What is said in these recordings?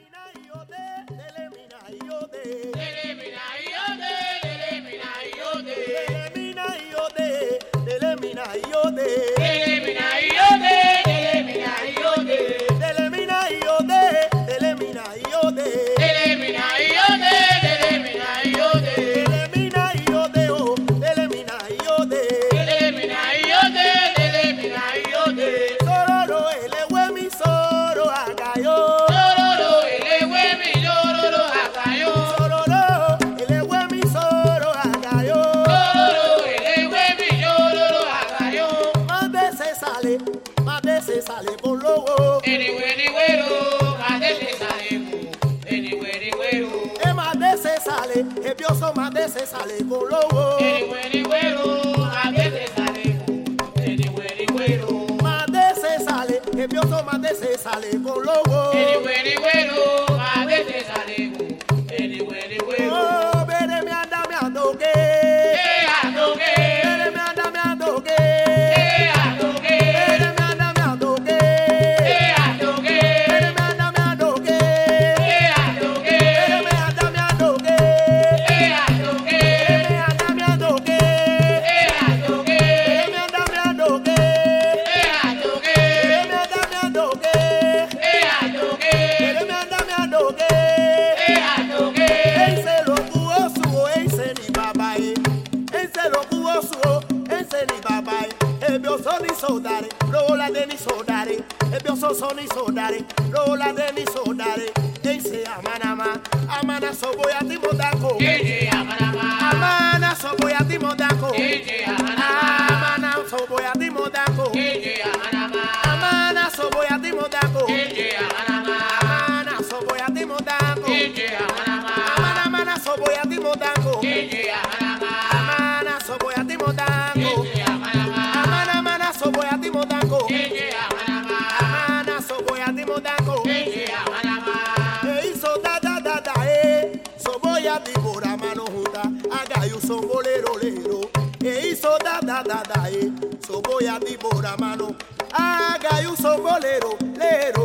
Telemina yo Ode, Telemina nervioso más se sale lobo lo se sale nervioso más se sale ni sodare, lola de ni sodare. Ese amanama, amana soboya timodako. Ese amanama, amana soboya timodako. Ese amanama, amana soboya timodako. Ese bodako Eje abalaba Eizo da da da da eh. mano da da da da e eh. Soboya dibora mano Agayu sombolero lero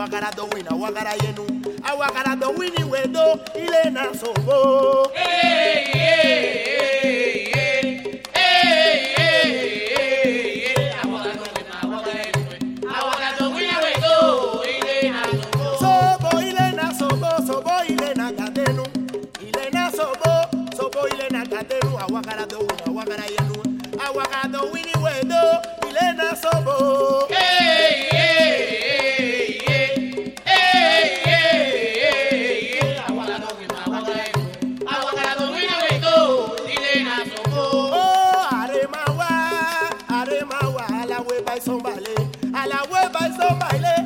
awagara wina, awagara yenu awagara dowini wedo ile na sobo hey, hey, hey, hey. hey, hey. Sobo ile na gadenu, ile na sobo, sobo ile na gadenu, awagara dowin i balẹ̀ aláwẹ̀ by somebody.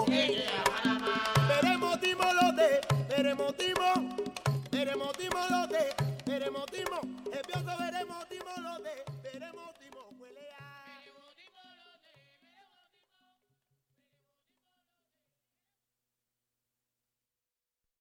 solo veremos.